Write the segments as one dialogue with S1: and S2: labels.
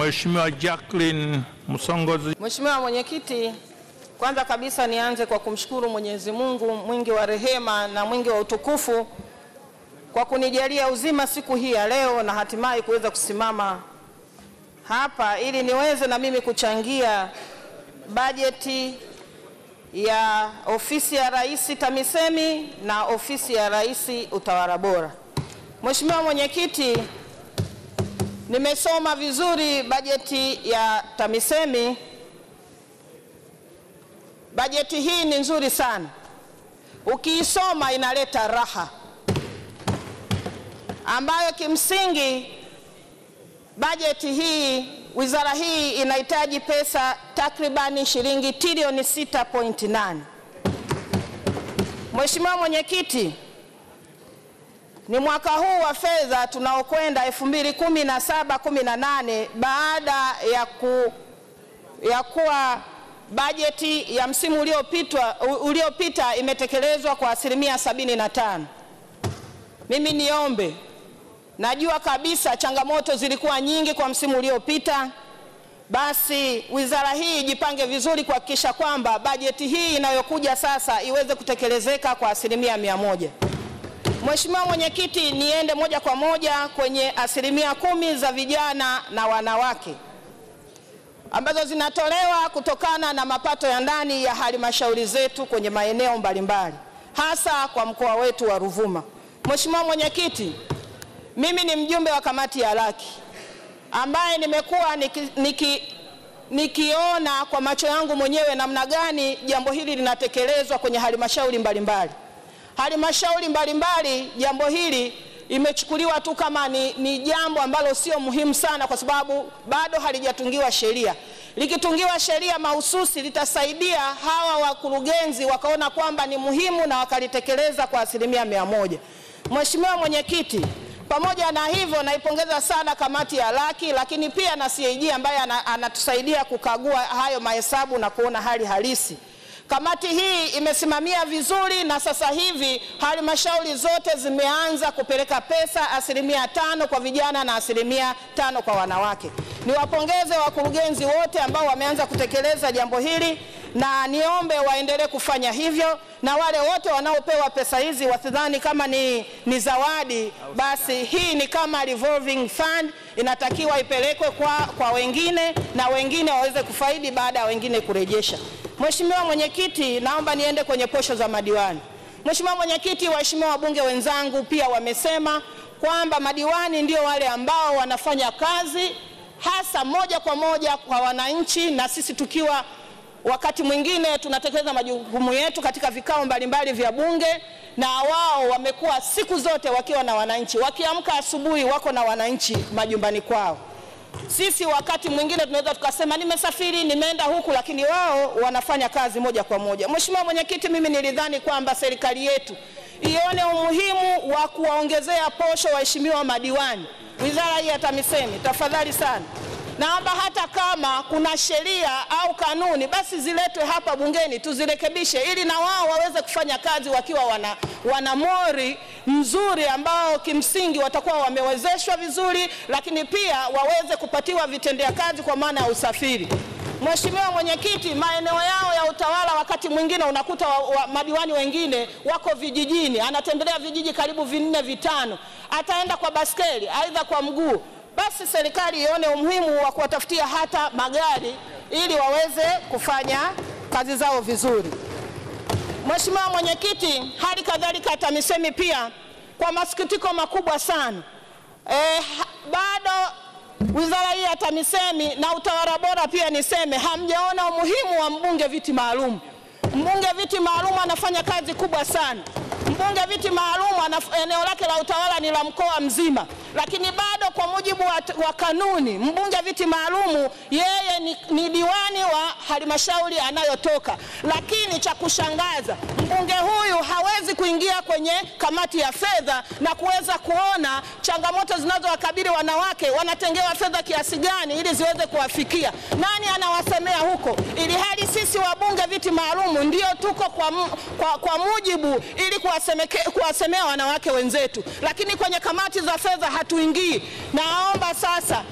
S1: Mheshimiwa Jacqueline Msongozi.
S2: Mheshimiwa Mwenyekiti, kwanza kabisa nianze kwa kumshukuru Mwenyezi Mungu mwingi wa rehema na mwingi wa utukufu kwa kunijalia uzima siku hii ya leo na hatimaye kuweza kusimama hapa ili niweze na mimi kuchangia bajeti ya ofisi ya Rais TAMISEMI na ofisi ya Rais utawala bora. Mheshimiwa Mwenyekiti, Nimesoma vizuri bajeti ya TAMISEMI. Bajeti hii ni nzuri sana, ukiisoma inaleta raha ambayo kimsingi bajeti hii wizara hii inahitaji pesa takribani shilingi trilioni 6.8. Mheshimiwa Mwenyekiti, ni mwaka huu wa fedha tunaokwenda 2017 18 baada ya, ku, ya kuwa bajeti ya msimu uliopita uliopita imetekelezwa kwa asilimia 75. Mimi niombe, najua kabisa changamoto zilikuwa nyingi kwa msimu uliopita, basi wizara hii ijipange vizuri kuhakikisha kwamba bajeti hii inayokuja sasa iweze kutekelezeka kwa asilimia mia moja. Mheshimiwa Mwenyekiti, niende moja kwa moja kwenye asilimia kumi za vijana na wanawake ambazo zinatolewa kutokana na mapato ya ndani ya halmashauri zetu kwenye maeneo mbalimbali hasa kwa mkoa wetu wa Ruvuma. Mheshimiwa Mwenyekiti, mimi ni mjumbe wa kamati ya laki ambaye nimekuwa niki, niki, nikiona kwa macho yangu mwenyewe namna gani jambo hili linatekelezwa kwenye halmashauri mbalimbali halmashauri mbalimbali jambo hili imechukuliwa tu kama ni, ni jambo ambalo sio muhimu sana, kwa sababu bado halijatungiwa sheria. Likitungiwa sheria mahususi litasaidia hawa wakurugenzi wakaona kwamba ni muhimu na wakalitekeleza kwa asilimia mia moja. Mheshimiwa Mwenyekiti, pamoja na hivyo naipongeza sana kamati ya laki, lakini pia na CAG ambaye anatusaidia kukagua hayo mahesabu na kuona hali halisi. Kamati hii imesimamia vizuri na sasa hivi halmashauri zote zimeanza kupeleka pesa asilimia tano kwa vijana na asilimia tano kwa wanawake. Niwapongeze wakurugenzi wote ambao wameanza kutekeleza jambo hili na niombe waendelee kufanya hivyo, na wale wote wanaopewa pesa hizi wasidhani kama ni, ni zawadi, basi hii ni kama revolving fund, inatakiwa ipelekwe kwa, kwa wengine na wengine waweze kufaidi baada ya wengine kurejesha. Mheshimiwa Mwenyekiti, naomba niende kwenye posho za madiwani. Mheshimiwa Mwenyekiti, waheshimiwa wabunge wenzangu pia wamesema kwamba madiwani ndio wale ambao wanafanya kazi hasa moja kwa moja kwa wananchi, na sisi tukiwa wakati mwingine tunatekeleza majukumu yetu katika vikao mbalimbali vya Bunge, na wao wamekuwa siku zote wakiwa na wananchi, wakiamka asubuhi wako na wananchi majumbani kwao. Sisi wakati mwingine tunaweza tukasema nimesafiri, nimeenda huku, lakini wao wanafanya kazi moja kwa moja. Mheshimiwa Mwenyekiti, mimi nilidhani kwamba serikali yetu ione umuhimu wa kuwaongezea posho waheshimiwa madiwani. Wizara hii ya TAMISEMI, tafadhali sana Naomba hata kama kuna sheria au kanuni, basi ziletwe hapa bungeni tuzirekebishe, ili na wao waweze kufanya kazi wakiwa wana, wana mori mzuri ambao kimsingi watakuwa wamewezeshwa vizuri, lakini pia waweze kupatiwa vitendea kazi kwa maana ya usafiri. Mheshimiwa Mwenyekiti, maeneo yao ya utawala wakati mwingine unakuta wa, wa, madiwani wengine wako vijijini, anatembelea vijiji karibu vinne vitano, ataenda kwa baskeli aidha kwa mguu basi serikali ione umuhimu wa kuwatafutia hata magari ili waweze kufanya kazi zao vizuri. Mheshimiwa Mwenyekiti, hali kadhalika TAMISEMI pia kwa masikitiko makubwa sana e, bado wizara hii ya TAMISEMI na utawala bora pia niseme, hamjaona umuhimu wa mbunge viti maalum. Mbunge viti maalum anafanya kazi kubwa sana. Mbunge viti maalum eneo lake la utawala ni la mkoa mzima, lakini bado kwa mujibu wa, wa kanuni mbunge viti maalum yeye ni, ni diwani wa halmashauri anayotoka. Lakini cha kushangaza mbunge huyu hawezi kuingia kwenye kamati ya fedha na kuweza kuona changamoto zinazowakabili wanawake, wanatengewa fedha kiasi gani ili ziweze kuwafikia. Nani anawasemea huko, ili hali sisi wabunge viti maalum ndio tuko kwa, kwa, kwa mujibu ili kwa kuwasemea wanawake wenzetu, lakini kwenye kamati za fedha hatuingii. Naomba sasa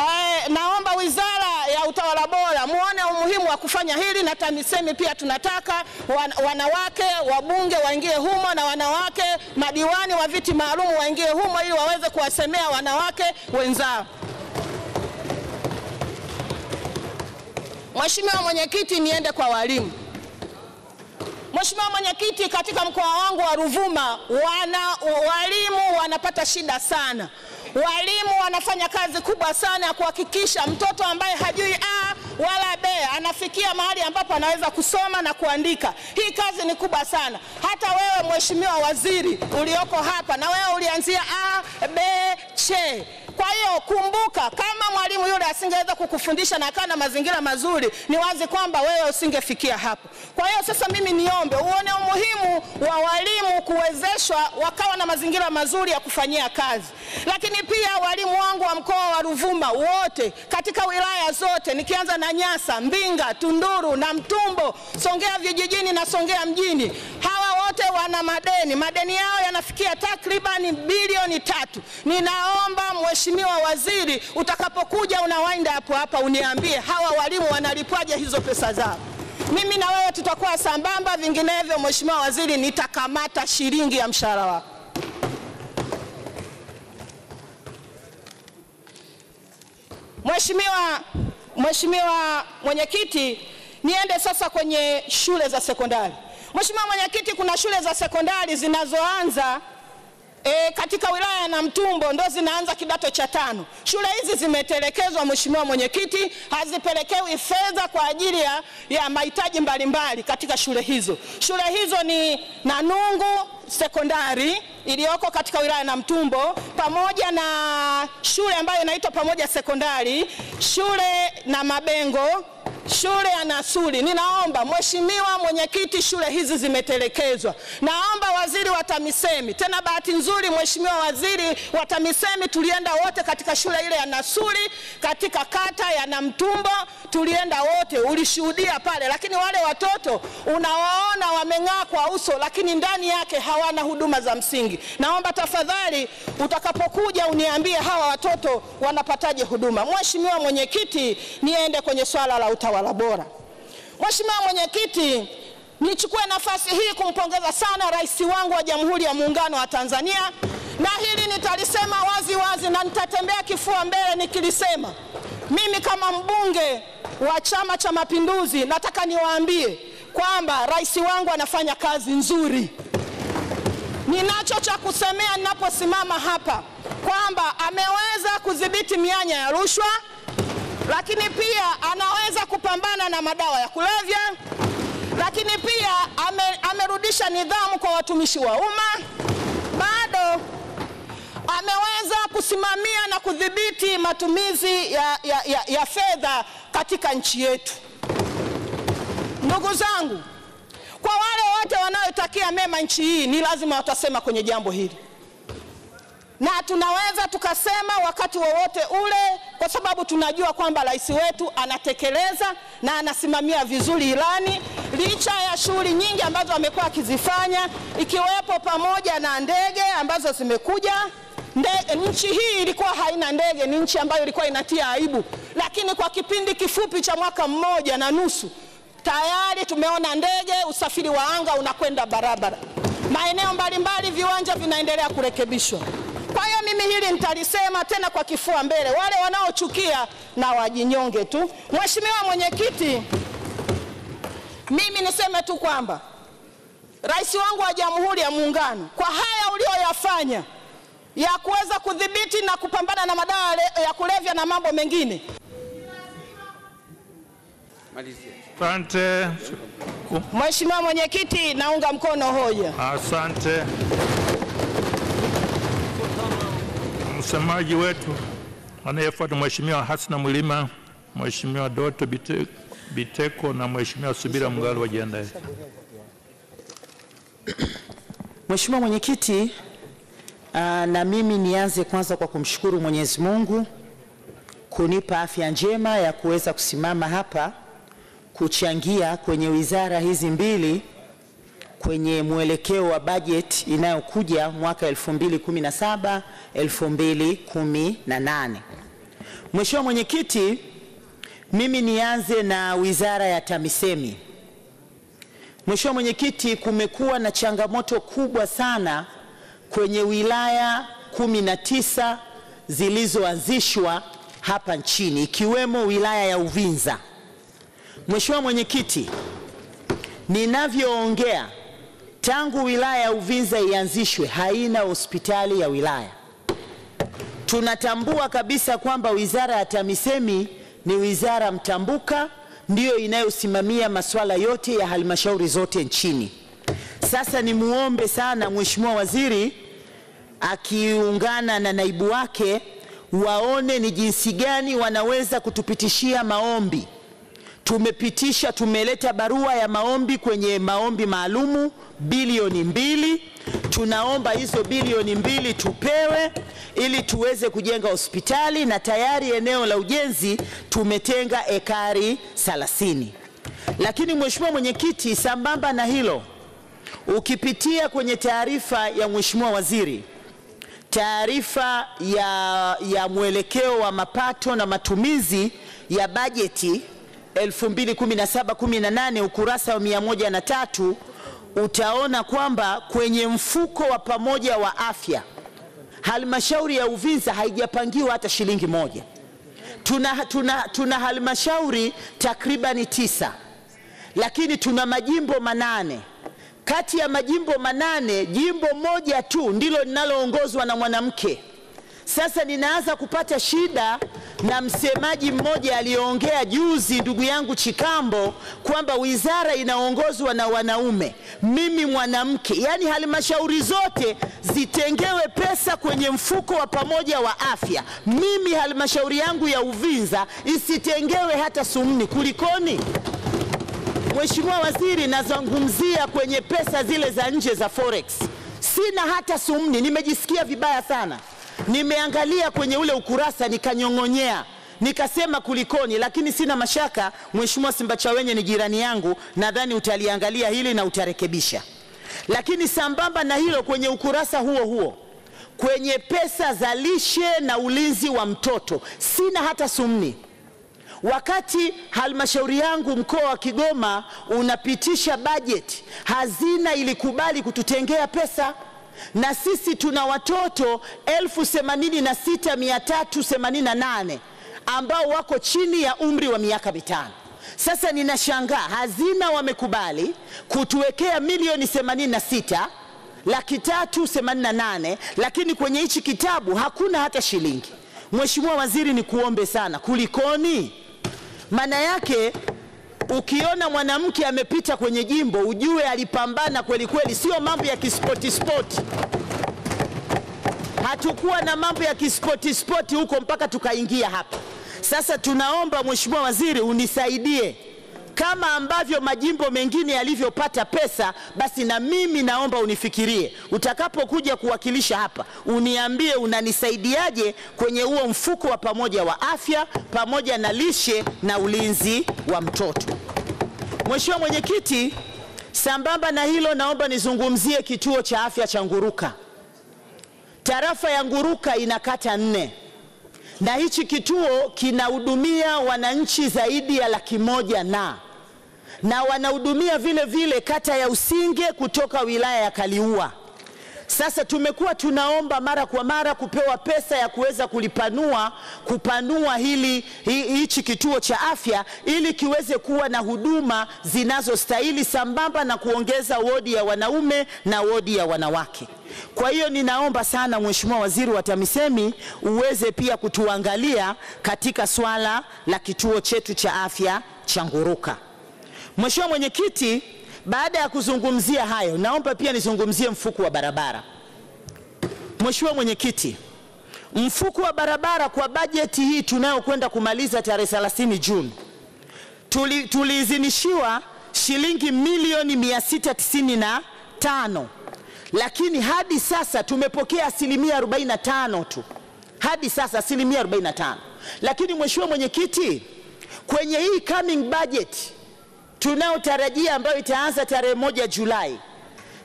S2: Ae, eh, naomba wizara ya utawala bora muone umuhimu wa kufanya hili na TAMISEMI pia tunataka wanawake wabunge waingie humo na wanawake madiwani wa viti maalum waingie humo ili waweze kuwasemea wanawake wenzao. Mheshimiwa Mwenyekiti, niende kwa walimu. Mheshimiwa Mwenyekiti, katika mkoa wangu wa Ruvuma wana walimu wanapata shida sana. Walimu wanafanya kazi kubwa sana ya kuhakikisha mtoto ambaye hajui a wala b anafikia mahali ambapo anaweza kusoma na kuandika. Hii kazi ni kubwa sana. Hata wewe Mheshimiwa Waziri ulioko hapa, na wewe ulianzia a b c kwa hiyo kumbuka, kama mwalimu yule asingeweza kukufundisha na akawa na mazingira mazuri, ni wazi kwamba wewe usingefikia hapo. Kwa hiyo sasa, mimi niombe uone umuhimu wa walimu kuwezeshwa wakawa na mazingira mazuri ya kufanyia kazi. Lakini pia walimu wangu wa mkoa wa Ruvuma wote katika wilaya zote, nikianza na Nyasa, Mbinga, Tunduru na Mtumbo, Songea vijijini na Songea mjini ha wote wana madeni, madeni yao yanafikia takribani bilioni tatu. Ninaomba mheshimiwa waziri, utakapokuja una hapo hapa uniambie hawa walimu wanalipwaje hizo pesa zao. Mimi na wewe tutakuwa sambamba, vinginevyo mheshimiwa waziri, nitakamata shilingi ya mshahara wako. Mheshimiwa Mheshimiwa Mwenyekiti, niende sasa kwenye shule za sekondari. Mheshimiwa Mwenyekiti, kuna shule za sekondari zinazoanza E, katika wilaya ya Namtumbo ndo zinaanza kidato cha tano. Shule hizi zimetelekezwa, Mheshimiwa Mwenyekiti, hazipelekewi fedha kwa ajili ya, ya mahitaji mbalimbali katika shule hizo. Shule hizo ni Nanungu sekondari iliyoko katika wilaya ya Namtumbo pamoja na shule ambayo inaitwa Pamoja Sekondari, shule na Mabengo Shule ya Nasuri, ninaomba mheshimiwa mwenyekiti, shule hizi zimetelekezwa. Naomba waziri wa TAMISEMI, tena bahati nzuri mheshimiwa waziri wa TAMISEMI, tulienda wote katika shule ile ya Nasuri katika kata ya Namtumbo, tulienda wote, ulishuhudia pale. Lakini wale watoto unawaona wameng'aa kwa uso, lakini ndani yake hawana huduma za msingi. Naomba tafadhali, utakapokuja uniambie hawa watoto wanapataje huduma. Mheshimiwa mwenyekiti, niende kwenye swala la utawala utawala bora. Mheshimiwa Mwenyekiti, nichukue nafasi hii kumpongeza sana rais wangu wa Jamhuri ya Muungano wa Tanzania, na hili nitalisema wazi wazi na nitatembea kifua mbele nikilisema. Mimi kama mbunge wa Chama cha Mapinduzi nataka niwaambie kwamba rais wangu anafanya kazi nzuri. Ninacho cha kusemea ninaposimama hapa kwamba ameweza kudhibiti mianya ya rushwa lakini pia anaweza kupambana na madawa ya kulevya, lakini pia ame, amerudisha nidhamu kwa watumishi wa umma, bado ameweza kusimamia na kudhibiti matumizi ya, ya, ya, ya fedha katika nchi yetu. Ndugu zangu, kwa wale wote wanaoitakia mema nchi hii, ni lazima watasema kwenye jambo hili na tunaweza tukasema wakati wowote ule, kwa sababu tunajua kwamba rais wetu anatekeleza na anasimamia vizuri ilani, licha ya shughuli nyingi ambazo amekuwa akizifanya, ikiwepo pamoja na ndege ambazo zimekuja. Nchi hii ilikuwa haina ndege, ni nchi ambayo ilikuwa inatia aibu, lakini kwa kipindi kifupi cha mwaka mmoja na nusu tayari tumeona ndege, usafiri wa anga unakwenda barabara, maeneo mbalimbali, viwanja vinaendelea kurekebishwa mimi hili nitalisema tena kwa kifua mbele, wale wanaochukia na wajinyonge tu. Mheshimiwa Mwenyekiti, mimi niseme tu kwamba rais wangu wa Jamhuri ya Muungano, kwa haya uliyoyafanya ya kuweza kudhibiti na kupambana na madawa ya kulevya na mambo mengine.
S1: Asante
S2: Mheshimiwa Mwenyekiti, naunga mkono hoja.
S1: Asante. Msemaji wetu anayefuata Mheshimiwa Hasna Mlima, Mheshimiwa Doto Biteko, Biteko na Mheshimiwa Subira Mgalo wajiandae.
S2: Mheshimiwa Mwenyekiti, ah, na mimi nianze kwanza kwa kumshukuru Mwenyezi Mungu kunipa afya njema ya kuweza kusimama hapa kuchangia kwenye wizara hizi mbili kwenye mwelekeo wa bajeti inayokuja mwaka 2017 2018. Mheshimiwa Mwenyekiti, mimi nianze na Wizara ya TAMISEMI. Mheshimiwa Mwenyekiti, kumekuwa na changamoto kubwa sana kwenye wilaya 19 zilizoanzishwa hapa nchini ikiwemo wilaya ya Uvinza. Mheshimiwa Mwenyekiti, ninavyoongea Tangu wilaya ya Uvinza ianzishwe haina hospitali ya wilaya. Tunatambua kabisa kwamba wizara ya TAMISEMI ni wizara mtambuka, ndiyo inayosimamia masuala yote ya halmashauri zote nchini. Sasa nimuombe sana Mheshimiwa Waziri akiungana na naibu wake waone ni jinsi gani wanaweza kutupitishia maombi tumepitisha tumeleta barua ya maombi kwenye maombi maalumu bilioni mbili. Tunaomba hizo bilioni mbili tupewe ili tuweze kujenga hospitali, na tayari eneo la ujenzi tumetenga ekari 30. Lakini Mheshimiwa Mwenyekiti, sambamba na hilo, ukipitia kwenye taarifa ya Mheshimiwa Waziri, taarifa ya, ya mwelekeo wa mapato na matumizi ya bajeti 2017 18 ukurasa wa tatu utaona kwamba kwenye mfuko wa pamoja wa afya halmashauri ya Uvinza haijapangiwa hata shilingi moja. Tuna, tuna, tuna halmashauri takribani tisa, lakini tuna majimbo manane. Kati ya majimbo manane, jimbo moja tu ndilo linaloongozwa na mwanamke. Sasa ninaanza kupata shida na msemaji mmoja aliyeongea juzi, ndugu yangu Chikambo, kwamba wizara inaongozwa na wanaume, mimi mwanamke. Yaani halmashauri zote zitengewe pesa kwenye mfuko wa pamoja wa afya, mimi halmashauri yangu ya Uvinza isitengewe hata sumni. Kulikoni? Mheshimiwa Waziri, nazungumzia kwenye pesa zile za nje za forex, sina hata sumni, nimejisikia vibaya sana. Nimeangalia kwenye ule ukurasa nikanyong'onyea, nikasema kulikoni, lakini sina mashaka Mheshimiwa Simbachawenye ni jirani yangu, nadhani utaliangalia hili na utarekebisha. Lakini sambamba na hilo, kwenye ukurasa huo huo kwenye pesa za lishe na ulinzi wa mtoto sina hata sumni. Wakati halmashauri yangu mkoa wa Kigoma unapitisha bajeti, hazina ilikubali kututengea pesa na sisi tuna watoto elfu na sita mia tatu na nane ambao wako chini ya umri wa miaka mitano. Sasa ninashangaa hazina wamekubali kutuwekea milioni 86 laki tatu themanini na nane, lakini kwenye hichi kitabu hakuna hata shilingi. Mheshimiwa Waziri, nikuombe sana, kulikoni? Maana yake Ukiona mwanamke amepita kwenye jimbo, ujue alipambana kweli kweli, sio mambo ya kispoti spoti. Hatukuwa na mambo ya kispoti spoti huko mpaka tukaingia hapa. Sasa tunaomba Mheshimiwa Waziri unisaidie kama ambavyo majimbo mengine yalivyopata pesa, basi na mimi naomba unifikirie, utakapokuja kuwakilisha hapa, uniambie unanisaidiaje kwenye huo mfuko wa pamoja wa afya pamoja na lishe na ulinzi wa mtoto. Mheshimiwa Mwenyekiti, sambamba na hilo, naomba nizungumzie kituo cha afya cha Nguruka. Tarafa ya Nguruka ina kata nne na hichi kituo kinahudumia wananchi zaidi ya laki moja na na wanahudumia vile vile kata ya Usinge kutoka wilaya ya Kaliua. Sasa tumekuwa tunaomba mara kwa mara kupewa pesa ya kuweza kulipanua kupanua hili hichi kituo cha afya ili kiweze kuwa na huduma zinazostahili sambamba na kuongeza wodi ya wanaume na wodi ya wanawake. Kwa hiyo ninaomba sana Mheshimiwa Waziri wa TAMISEMI uweze pia kutuangalia katika swala la kituo chetu cha afya cha Nguruka. Mheshimiwa Mwenyekiti, baada ya kuzungumzia hayo, naomba pia nizungumzie mfuko wa barabara. Mheshimiwa Mwenyekiti, mfuko wa barabara kwa bajeti hii tunayokwenda kumaliza tarehe 30 Juni tuliidhinishiwa tuli shilingi milioni 695 lakini hadi sasa tumepokea asilimia 45 tu, hadi sasa asilimia 45. Lakini mheshimiwa mwenyekiti, kwenye hii coming budget tarajia ambayo itaanza tarehe moja Julai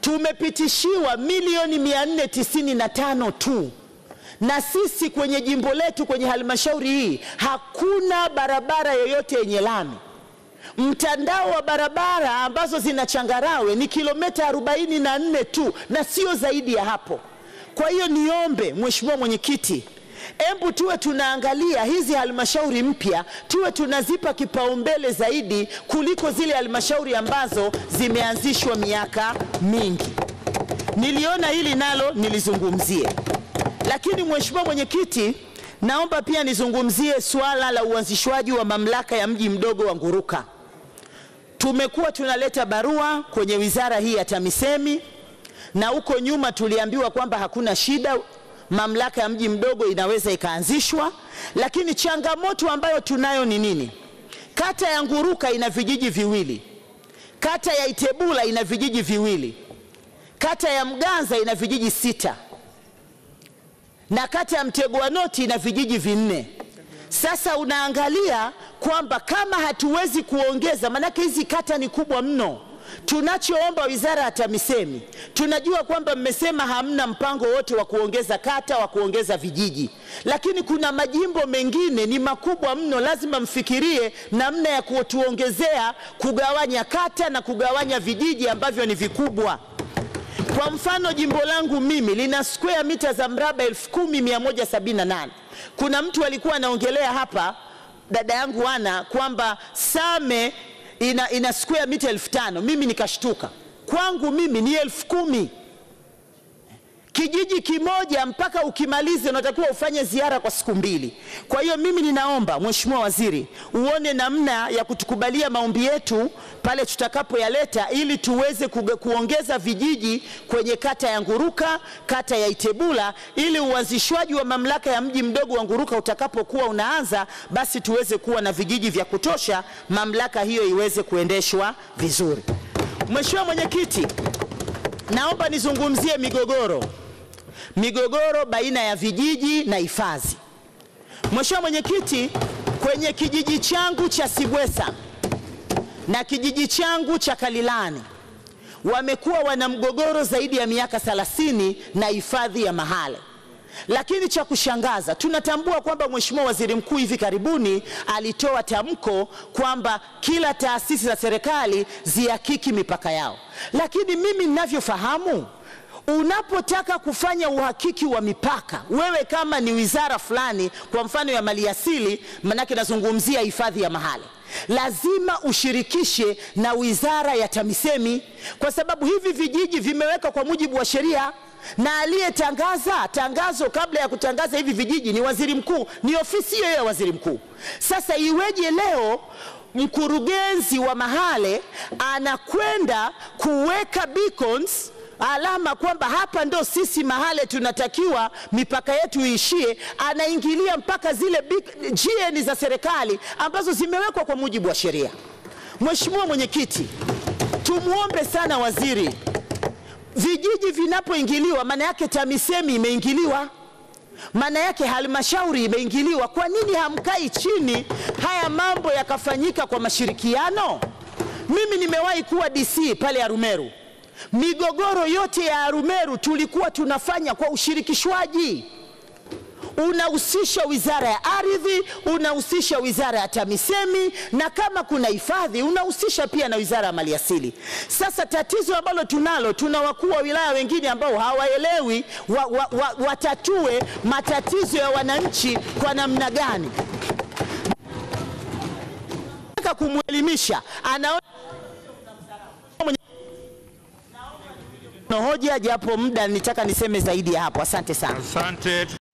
S2: tumepitishiwa milioni 495 tu, na sisi kwenye jimbo letu kwenye halmashauri hii hakuna barabara yoyote yenye lami. Mtandao wa barabara ambazo zina changarawe ni kilomita 44 tu na sio zaidi ya hapo. Kwa hiyo niombe Mheshimiwa Mwenyekiti, Hebu tuwe tunaangalia hizi halmashauri mpya, tuwe tunazipa kipaumbele zaidi kuliko zile halmashauri ambazo zimeanzishwa miaka mingi. Niliona hili nalo nilizungumzie, lakini Mheshimiwa Mwenyekiti, naomba pia nizungumzie suala la uanzishwaji wa mamlaka ya mji mdogo wa Nguruka. Tumekuwa tunaleta barua kwenye wizara hii ya TAMISEMI na huko nyuma tuliambiwa kwamba hakuna shida, mamlaka ya mji mdogo inaweza ikaanzishwa, lakini changamoto ambayo tunayo ni nini? Kata ya Nguruka ina vijiji viwili, kata ya Itebula ina vijiji viwili, kata ya Mganza ina vijiji sita na kata ya Mtegwa Noti ina vijiji vinne. Sasa unaangalia kwamba kama hatuwezi kuongeza, maanake hizi kata ni kubwa mno Tunachoomba wizara ya TAMISEMI, tunajua kwamba mmesema hamna mpango wote wa kuongeza kata, wa kuongeza vijiji, lakini kuna majimbo mengine ni makubwa mno, lazima mfikirie namna ya kutuongezea kugawanya kata na kugawanya vijiji ambavyo ni vikubwa. Kwa mfano jimbo langu mimi lina square mita za mraba 10178. Kuna mtu alikuwa anaongelea hapa, dada yangu ana kwamba Same ina, ina square mita elfu tano mimi nikashtuka, kwangu mimi ni elfu kumi kijiji kimoja mpaka ukimalize unatakiwa ufanye ziara kwa siku mbili. Kwa hiyo mimi ninaomba Mheshimiwa Waziri uone namna ya kutukubalia maombi yetu pale tutakapoyaleta ili tuweze kuongeza vijiji kwenye kata ya Nguruka, kata ya Itebula, ili uanzishwaji wa mamlaka ya mji mdogo wa Nguruka utakapokuwa unaanza, basi tuweze kuwa na vijiji vya kutosha, mamlaka hiyo iweze kuendeshwa vizuri. Mheshimiwa Mwenyekiti, naomba nizungumzie migogoro migogoro baina ya vijiji na hifadhi. Mheshimiwa Mwenyekiti, kwenye kijiji changu cha Sibwesa na kijiji changu cha Kalilani wamekuwa wana mgogoro zaidi ya miaka 30 na hifadhi ya Mahale. Lakini cha kushangaza tunatambua kwamba Mheshimiwa Waziri Mkuu hivi karibuni alitoa tamko kwamba kila taasisi za serikali zihakiki mipaka yao, lakini mimi ninavyofahamu Unapotaka kufanya uhakiki wa mipaka, wewe kama ni wizara fulani, kwa mfano ya maliasili, manake nazungumzia hifadhi ya mahali, lazima ushirikishe na wizara ya TAMISEMI kwa sababu hivi vijiji vimewekwa kwa mujibu wa sheria na aliyetangaza tangazo kabla ya kutangaza hivi vijiji ni waziri mkuu, ni ofisi hiyo ya waziri mkuu. Sasa iweje leo mkurugenzi wa mahale anakwenda kuweka beacons alama kwamba hapa ndo sisi mahali tunatakiwa mipaka yetu iishie, anaingilia mpaka zile GN za serikali ambazo zimewekwa kwa mujibu wa sheria. Mheshimiwa Mwenyekiti, tumwombe sana waziri, vijiji vinapoingiliwa, maana yake TAMISEMI imeingiliwa maana yake halmashauri imeingiliwa. Kwa nini hamkai chini, haya mambo yakafanyika kwa mashirikiano? Mimi nimewahi kuwa DC pale Arumeru. Migogoro yote ya Arumeru tulikuwa tunafanya kwa ushirikishwaji, unahusisha wizara ya ardhi, unahusisha wizara ya TAMISEMI na kama kuna hifadhi unahusisha pia na wizara ya maliasili. Sasa tatizo ambalo tunalo, tuna wakuu wa wilaya wengine ambao hawaelewi wa, wa, wa, watatue matatizo ya wananchi kwa namna gani, kumwelimisha anaona No hoja japo muda nitaka niseme zaidi ya hapo. Asante sana.
S1: Asante.